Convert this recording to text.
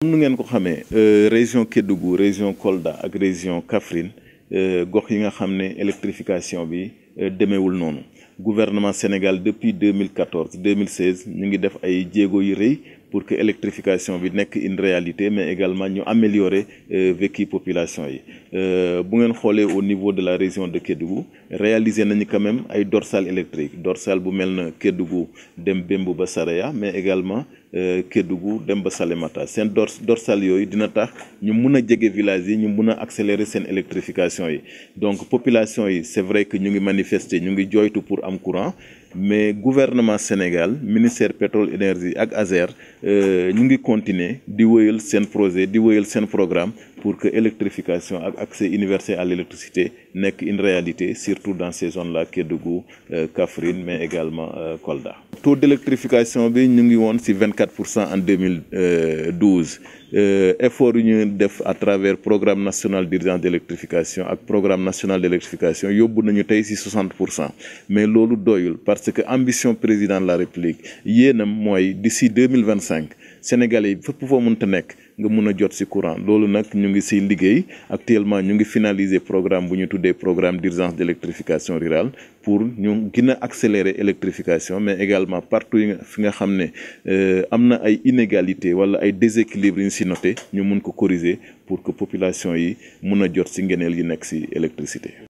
Nous avons ngeen la euh, région Kédougou région Kolda la région de euh, gox yi nga électrification bi euh, gouvernement Sénégal depuis 2014 2016 a fait def ay pour que électrification soit une réalité mais également ñu améliorer la population Si bu regardez au niveau de la région de Kédougou réaliser nañu quand même ay dorsales électriques dorsale qui mel Kédougou dem mais également euh, Kédougou dem ba Salémata seen dorsal yoy dina tax ñu mëna a village yi ñu mëna accélérer sen électrification yi donc population yi c'est vrai que ñu ngi manifester ñu ngi joytu pour am courant mais gouvernement Sénégal ministère pétrole énergie ak euh ñu ngi continuer di wëyel sen projet di wëyel un programme pour que l'électrification et accès universel à l'électricité n'est une réalité surtout dans ces zones là Kédougou euh, Kafrine, mais également euh, Kolda taux d'électrification bi ñu 24% en 2012. Euh, effort ñu def à travers programme national d'urgence d'électrification ak programme national d'électrification yobbu nañu tay ci 60 Mais mais lolu doyul parce que ambition président de la république est moy d'ici 2025 Sénégalais yi fo mënta nek nga mëna jot ci courant lolu nak ñu ngi ci liggéey actuellement ñu ngi finaliser programme bu ñu tuddé programme d'urgence d'électrification rurale pour ñu accélérer électrification mais également partout yi nga fi nga xam euh, ay inégalités wala ay déséquilibres si noté ñu mun ko corriger pour que population yi mun a jot si ngeneel yi nekk si électricité